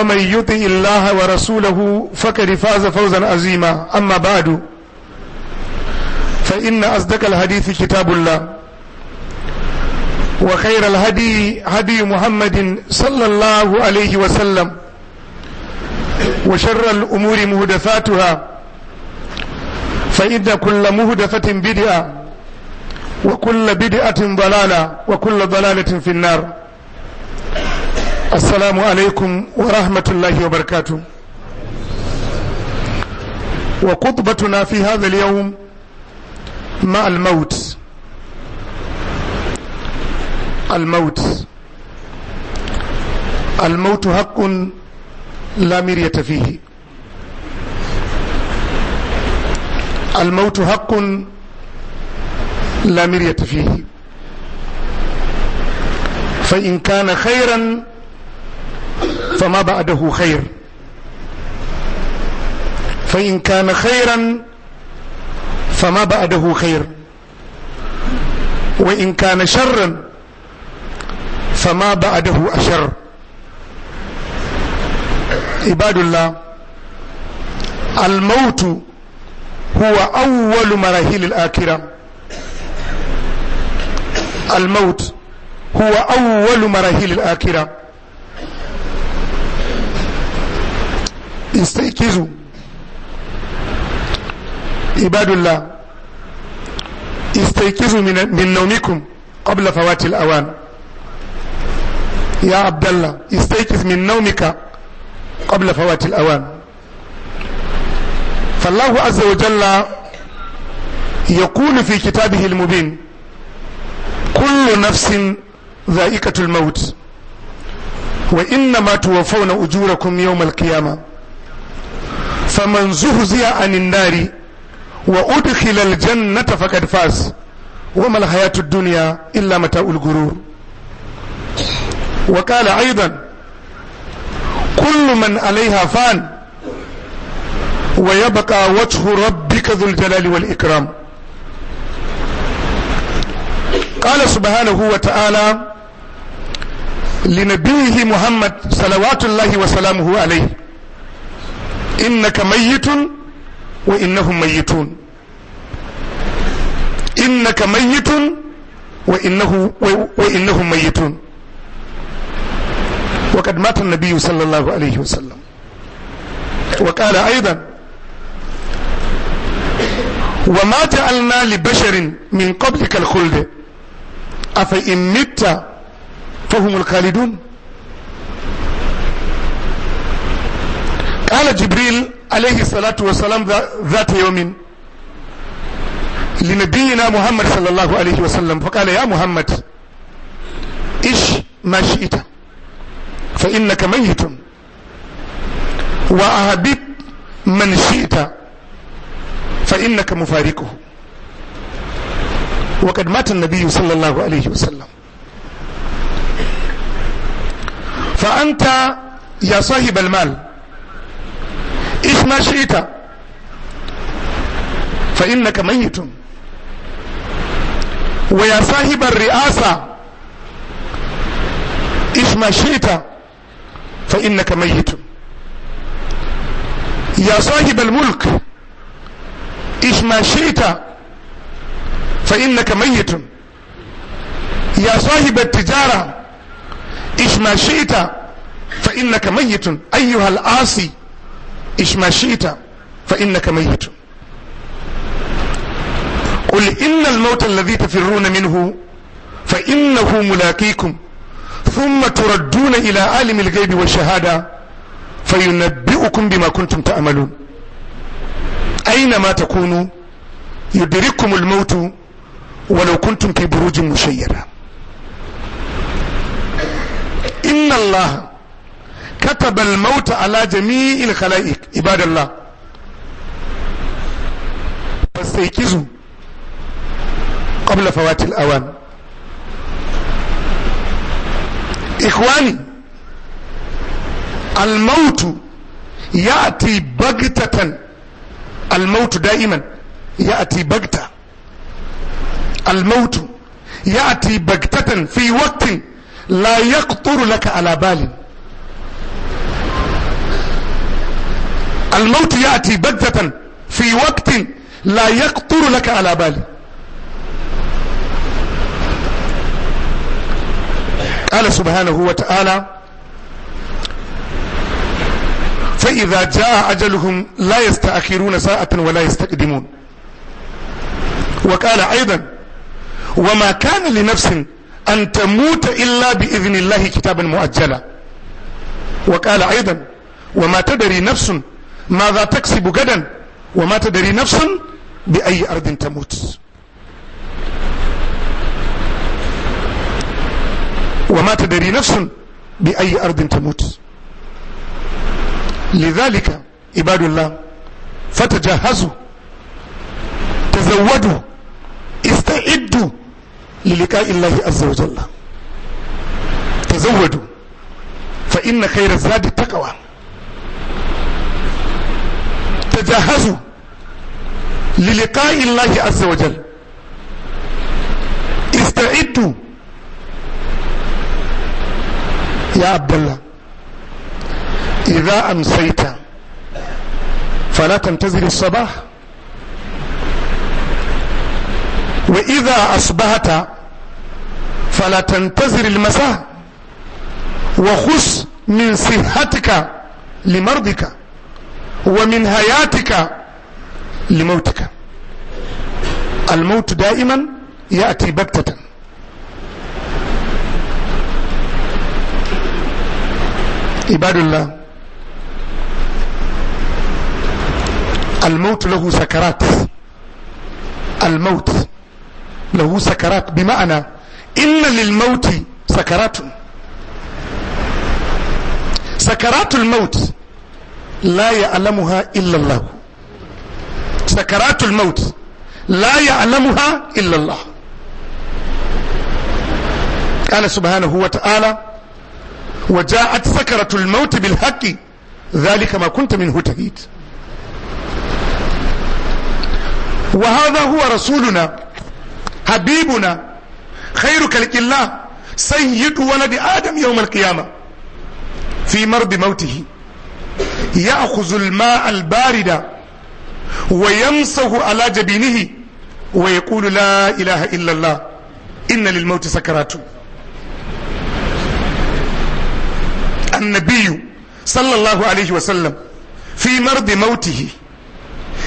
ومن يطع الله ورسوله فقد فاز فوزا عظيما أما بعد فإن أصدق الحديث كتاب الله وخير الهدي هدي محمد صلى الله عليه وسلم وشر الأمور مهدفاتها فإن كل مهدفة بدعة وكل بدعة ضلالة وكل ضلالة في النار السلام عليكم ورحمة الله وبركاته وخطبتنا في هذا اليوم مع الموت الموت الموت حق لا مرية فيه الموت حق لا مرية فيه فإن كان خيرا فما بعده خير فإن كان خيرا فما بعده خير وإن كان شرا فما بعده أشر عباد الله الموت هو أول مراحل الآخرة الموت هو أول مراحل الآخرة استيقظوا عباد الله استيقظوا من, من نومكم قبل فوات الأوان يا عبد الله استيقظ من نومك قبل فوات الأوان فالله عز وجل يقول في كتابه المبين كل نفس ذائقة الموت وإنما توفون أجوركم يوم القيامة فمن زهزي عن النار وأدخل الجنة فقد فاز وما الحياة الدنيا إلا متاع الغرور وقال أيضا كل من عليها فان ويبقى وجه ربك ذو الجلال والإكرام قال سبحانه وتعالى لنبيه محمد صلوات الله وسلامه عليه إنك ميت وإنهم ميتون إنك ميت وإنه وإنهم ميتون وقد مات النبي صلى الله عليه وسلم وقال أيضا وما جعلنا لبشر من قبلك الخلد أفإن مت فهم الخالدون قال جبريل عليه الصلاة والسلام ذات يوم لنبينا محمد صلى الله عليه وسلم فقال يا محمد إش ما شئت فإنك ميت وأهبب من شئت فإنك مفارقه وقد مات النبي صلى الله عليه وسلم فأنت يا صاحب المال إيش ما شئت فإنك ميت ويا صاحب الرئاسة إيش ما شئت فإنك ميت يا صاحب الملك إيش ما شئت فإنك ميت يا صاحب التجارة إيش ما شئت فإنك ميت أيها الآسي إش ما شئت فإنك ميت قل إن الموت الذي تفرون منه فإنه ملاقيكم ثم تردون إلى عالم الغيب والشهادة فينبئكم بما كنتم تعملون أينما تكونوا يدرككم الموت ولو كنتم في بروج مشيدة إن الله كتب الموت على جميع الخلائق عباد الله فاستيقظوا قبل فوات الأوان إخواني الموت يأتي بغتة الموت دائما يأتي بغتة الموت يأتي بغتة في وقت لا يخطر لك على بال الموت يأتي بجة في وقت لا يخطر لك على بالي قال سبحانه وتعالى فإذا جاء أجلهم لا يستأخرون ساعة ولا يستقدمون وقال أيضا وما كان لنفس أن تموت إلا بإذن الله كتابا مؤجلا وقال أيضا وما تدري نفس ماذا تكسب غدا وما تدري نفس بأي أرض تموت وما تدري نفس بأي أرض تموت لذلك عباد الله فتجهزوا تزودوا استعدوا للقاء الله عز وجل تزودوا فإن خير الزاد التقوى تتجهزوا للقاء الله عز وجل استعدوا يا عبد الله إذا أمسيت فلا تنتظر الصباح وإذا أصبحت فلا تنتظر المساء وخص من صحتك لمرضك ومن حياتك لموتك الموت دائما يأتي بكتة عباد الله الموت له سكرات الموت له سكرات بمعنى إن للموت سكرات سكرات الموت لا يعلمها إلا الله سكرات الموت لا يعلمها إلا الله قال سبحانه وتعالى وجاءت سكرة الموت بالحق ذلك ما كنت منه تهيد وهذا هو رسولنا حبيبنا خير كلك الله سيد ولد آدم يوم القيامة في مرض موته يأخذ الماء البارد ويمسه على جبينه ويقول لا إله إلا الله إن للموت سكرات النبي صلى الله عليه وسلم في مرض موته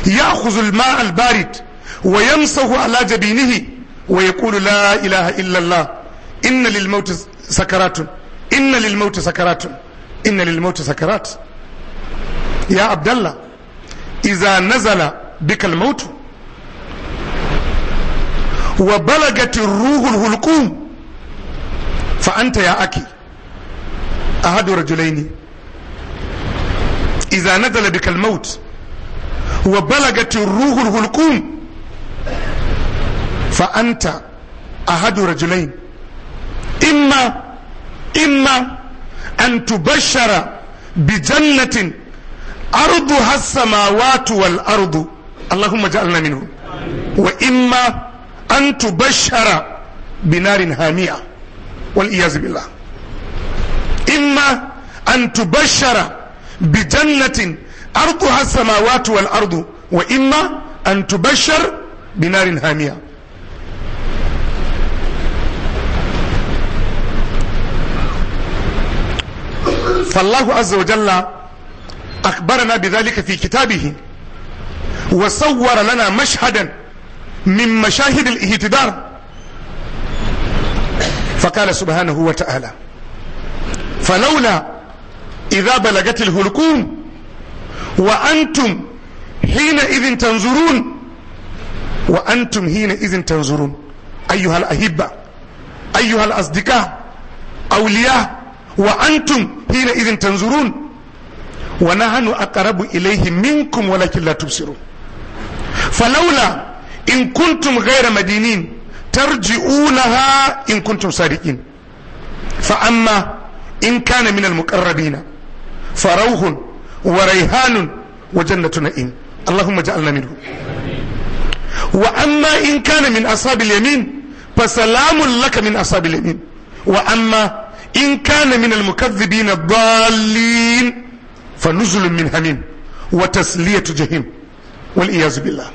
يأخذ الماء البارد ويمسه على جبينه ويقول لا إله إلا الله إن للموت سكرات إن للموت سكرات إن للموت سكرات يا عبد الله إذا نزل بك الموت وبلغت الروح الهلكوم فأنت يا أكي أحد رجلين إذا نزل بك الموت وبلغت الروح الهلكوم فأنت أحد رجلين إما إما أن تبشر بجنة أرضها السماوات والأرض اللهم اجعلنا منه وإما أن تبشر بنار هامية والعياذ بالله إما أن تبشر بجنة أرضها السماوات والأرض وإما أن تبشر بنار هامية فالله عز وجل أخبرنا بذلك في كتابه وصور لنا مشهدا من مشاهد الاهتدار فقال سبحانه وتعالى فلولا إذا بلغت الهلكوم وأنتم حينئذ تنظرون وأنتم حينئذ تنظرون أيها الأهبة أيها الأصدقاء أولياء وأنتم حينئذ تنظرون wa nahnu aqrabu ilaihi minkum walakin la tubsirun falawla in kuntum ghayra madinin tarji'unaha in kuntum sadiqin fa amma in kana min al-muqarrabin farawhun wa اللهم اجعلنا منه وأما إن كان من أصحاب اليمين فسلام لك من أصحاب اليمين وأما إن كان من المكذبين الضالين فنزل من هميم وتسلية جهيم والعياذ بالله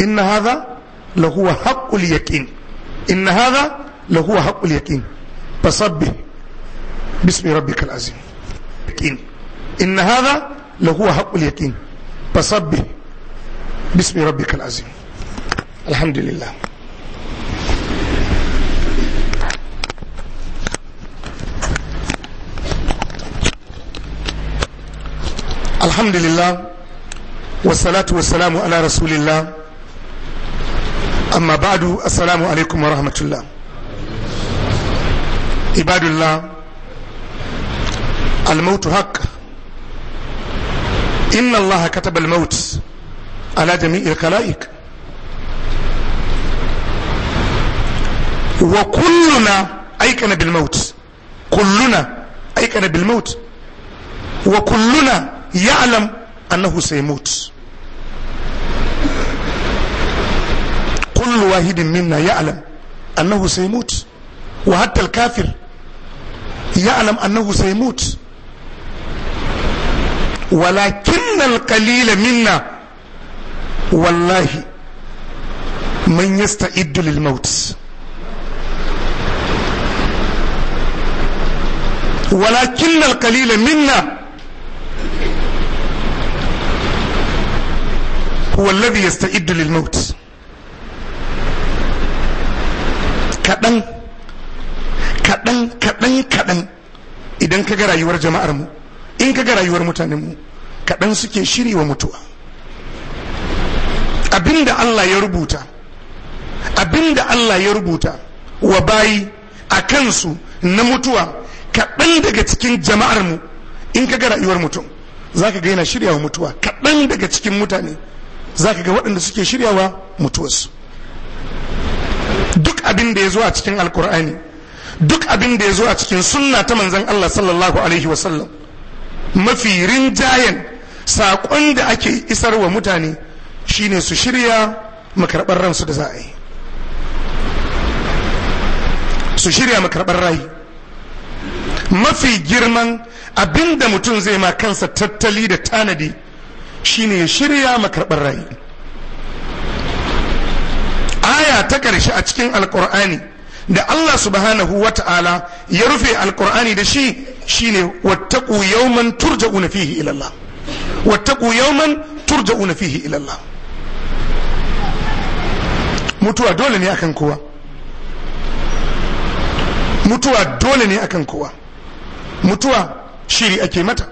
إن هذا لهو حق اليقين إن هذا لهو حق اليقين فصبه باسم ربك العظيم يقين إن هذا لهو حق اليقين فصبه باسم ربك العظيم الحمد لله alhamdulillah wasalatu wasalamu ala rasulillah amma ba'du assalamu alaikum wa rahmatullah ibadullah almautu haq inna allaha kataba almaut ala jami'il khalaiq wa kulluna يعلم أنه سيموت كل واحد منا يعلم أنه سيموت وحتى الكافر يعلم أنه سيموت ولكن القليل منا والله من يستعد للموت ولكن القليل منا huwa alladhi yasta'iddu lil maut kaɗan kaɗan kaɗan kaɗan idan ka ga rayuwar jama'ar mu in ka ga rayuwar mutanen mu kaɗan suke shiri wa mutuwa abinda Allah ya rubuta abinda Allah ya rubuta wa bayi a kansu na mutuwa kaɗan daga cikin jama'ar mu in ka ga rayuwar mutum za ka ga yana shirya wa mutuwa kaɗan daga cikin mutane za ka ga waɗanda suke shiryawa mutuwarsu duk abin da ya zo a cikin alkur'ani duk abin da ya zo a cikin sunna ta manzan Allah sallallahu alaihi wasallam mafi rinjayen saƙon da ake wa mutane shine su shirya makarɓar ransu da za a yi su shirya makarɓar rayu mafi girman abin da mutum zai ma kansa tattali da tanadi shine ya shirya makarɓar rai aya ta ƙarshe a cikin alƙur'ani da Allah subhanahu wa ta'ala ya rufe alƙur'ani da shi shine wattaqu yawman turja'una fihi ila Allah wattaqu yawman fihi mutuwa dole ne akan kowa mutuwa dole ne akan kowa mutuwa shiri ake mata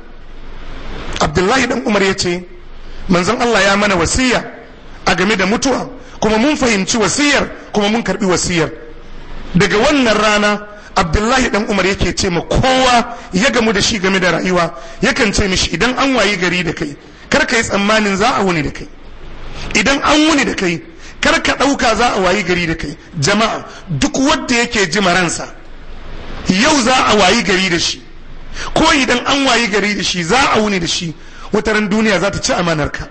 abdullahi dan umar ya ce manzon Allah ya mana wasiya a game da mutuwa kuma mun fahimci wasiyar kuma mun karbi wasiyar daga wannan rana abdullahi dan umar yake ce ma kowa ya gamu da shi game da rayuwa yakan ce mishi idan an wayi gari da kai kar ka yi tsammanin za a wuni da kai idan an wuni da kai kar ka ɗauka za a wayi gari da kai jama'a duk wanda yake ji ransa yau za a wayi gari da shi ko idan an wayi gari da shi za a wuni da shi wataran duniya za ta ci amanarka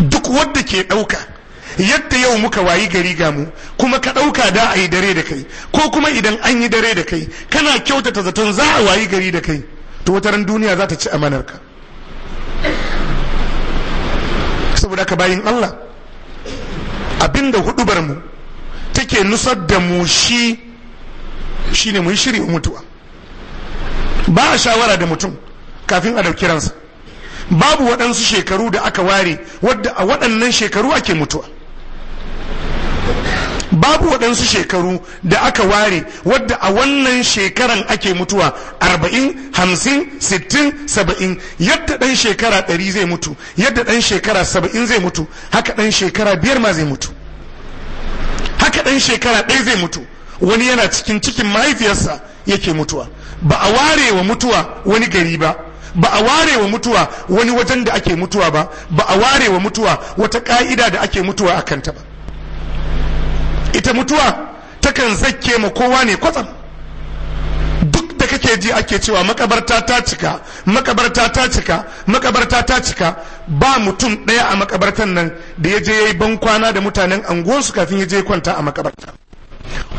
duk wadda ke ɗauka yadda yau muka wayi gari ga mu kuma ka ɗauka da a yi dare da kai ko kuma idan an yi dare da kai kana kyautata zaton za a wayi gari da kai to wataran duniya za ta ci amanarka saboda ka bayin Allah abinda hudubar mu take nusar da mu shi shine mun shiri mutuwa ba a shawara da mutum kafin a ɗauki ransa babu waɗansu shekaru da aka ware wadda a waɗannan shekaru ake mutuwa babu waɗansu shekaru da aka ware wadda a wannan shekaran ake mutuwa arba'in hamsin sittin saba'in yadda ɗan shekara ɗari zai mutu yadda ɗan shekara saba'in zai mutu haka ɗan shekara biyar ma zai mutu haka ɗan shekara ɗaya zai mutu wani yana cikin cikin mahaifiyarsa yake mutuwa ba a ware wa mutuwa wani gari ba ba a ware wa mutuwa wani wajen da ake mutuwa ba ba a ware wa mutuwa wata ka'ida da ake mutuwa a kanta ba ita mutuwa takan zakke ma kowa ne kwatsam duk da kake ji ake cewa makabarta ta cika makabarta ta cika makabarta ta cika ba mutum ɗaya a makabartan nan da ya je ya yi bankwana da mutanen anguwansu kafin ya je kwanta a makabarta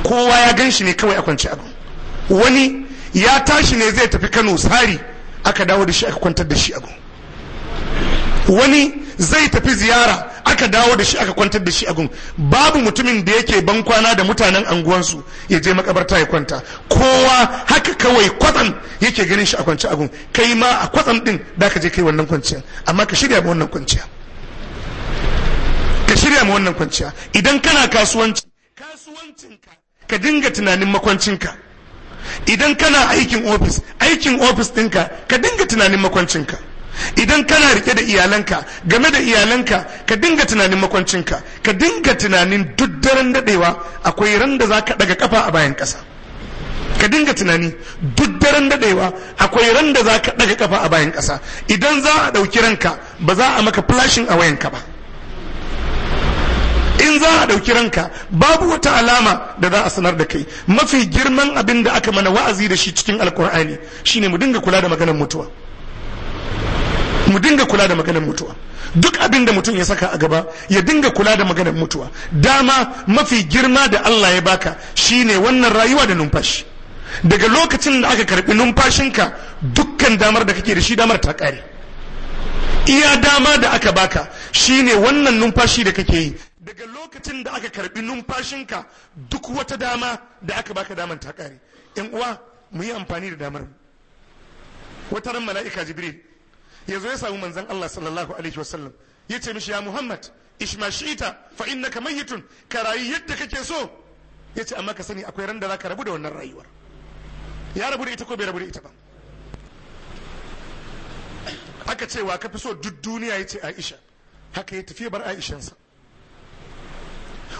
kowa ya gan shi ne kawai a kwanci abu wani ya tashi ne zai tafi kano sari aka dawo da shi aka kwantar da shi agun wani zai tafi ziyara aka dawo da shi aka kwantar da shi agun babu mutumin da yake ban kwana da mutanen anguwansu ya je makabarta ya kwanta kowa haka kawai kwatsam yake ganin shi a kwanci agun kai ma a kwatsam din da ka je kai wannan kwanciya amma ka shirya ma wannan kwanciya ka shirya ma wannan kwanciya idan kana kasuwanci kasuwancinka ka dinga tunanin makwancinka idan kana aikin ofis aikin ofis ɗinka ka dinga tunanin makwancinka idan kana rike da iyalanka game da iyalanka ka dinga tunanin makwancinka ka dinga tunanin duk daren daɗewa akwai ran da za ka ɗaga kafa a bayan ƙasa ka dinga tunani duk daren daɗewa akwai ran da za ka ɗaga ƙafa a bayan ƙasa idan za a ɗauki ranka ba za a maka flashing a wayanka ba in za a ɗauki ranka babu wata alama da za a sanar da kai mafi girman abin da aka mana wa'azi da shi cikin alkur'ani shine mu dinga kula da maganar mutuwa mu dinga kula da maganar mutuwa duk abin da mutum ya saka a gaba ya dinga kula da maganar mutuwa dama mafi girma da Allah ya baka shine wannan rayuwa da numfashi daga lokacin da aka karbi numfashinka dukkan damar da kake da shi damar ta kare iya dama da aka baka shine wannan numfashi da kake yi daga lokacin da aka karbi numfashinka duk wata dama da aka baka damar ta kare yan uwa mu yi amfani da damar wata ran mala'ika jibril ya zo ya samu manzon Allah sallallahu alaihi wasallam ya ce mishi ya muhammad ishma shi'ita fa innaka mayyitun ka rayu yadda kake so ya ce amma ka sani akwai ran da zaka rabu da wannan rayuwar ya rabu da ita ko bai rabu da ita ba aka ce wa ka fi so duk duniya ya ce aisha haka ya tafi bar aishansa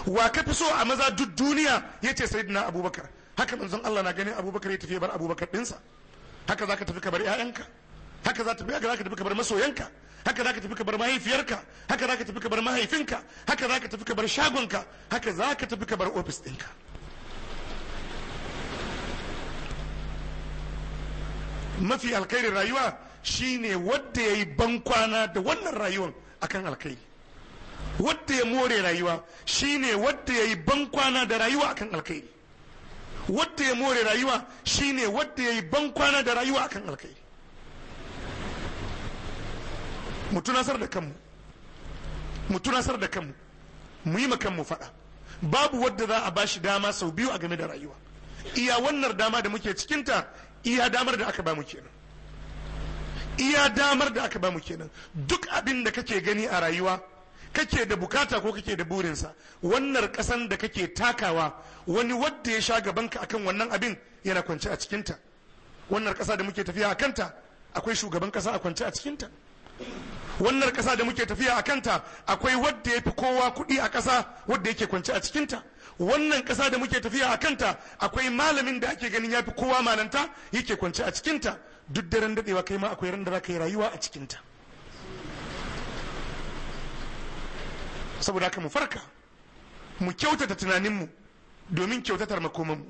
wa ka fi so a maza duk duniya ya ce sayyidina abubakar haka manzon Allah na ganin abubakar ya tafi bar abubakar ɗinsa haka za ka tafi ka bar 'ya'yanka haka za ka tafi ka bar masoyanka haka za ka tafi ka bar mahaifiyarka haka za ka tafi ka bar mahaifinka haka za ka tafi ka bar shagonka haka za ka tafi ka bar ofis ɗinka mafi alkhairin rayuwa shine wadda ya yi bankwana da wannan rayuwan akan alkhairi wadda ya more rayuwa shine wadda ya yi bankwana da rayuwa akan alkhairi wadda ya more rayuwa shine wadda ya yi bankwana da rayuwa akan alkhairi mu tunasar da kanmu mu tunasar da kanmu mu yi kanmu faɗa babu wadda za a bashi dama sau biyu a game da rayuwa iya wannan dama da muke cikinta iya damar da aka ba mu kenan iya damar da aka ba mu kenan duk abin da kake gani a rayuwa kake da bukata ko kake da burinsa wannan kasan da kake takawa wani wadda ya sha gabanka akan wannan abin yana kwance a cikinta wannan kasa da muke tafiya a kanta akwai shugaban kasa a kwance a cikinta wannan kasa da muke tafiya a kanta akwai wadda ya fi kowa kuɗi a kasa wadda yake kwance a cikinta wannan kasa da muke tafiya a kanta akwai malamin da ake ganin ya fi kowa malanta yake kwance a cikinta duk daren daɗewa kai ma akwai ran da za ka yi rayuwa a cikinta saboda haka mu farka mu kyautata tunaninmu domin kyautatar makomanmu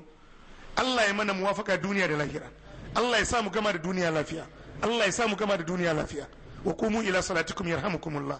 Allah ya mana muwafaka duniya da lahira Allah ya sa mu gama da duniya lafiya Allah ya sa mu gama da duniya lafiya wa kumu ila salatikum yarhamukumullah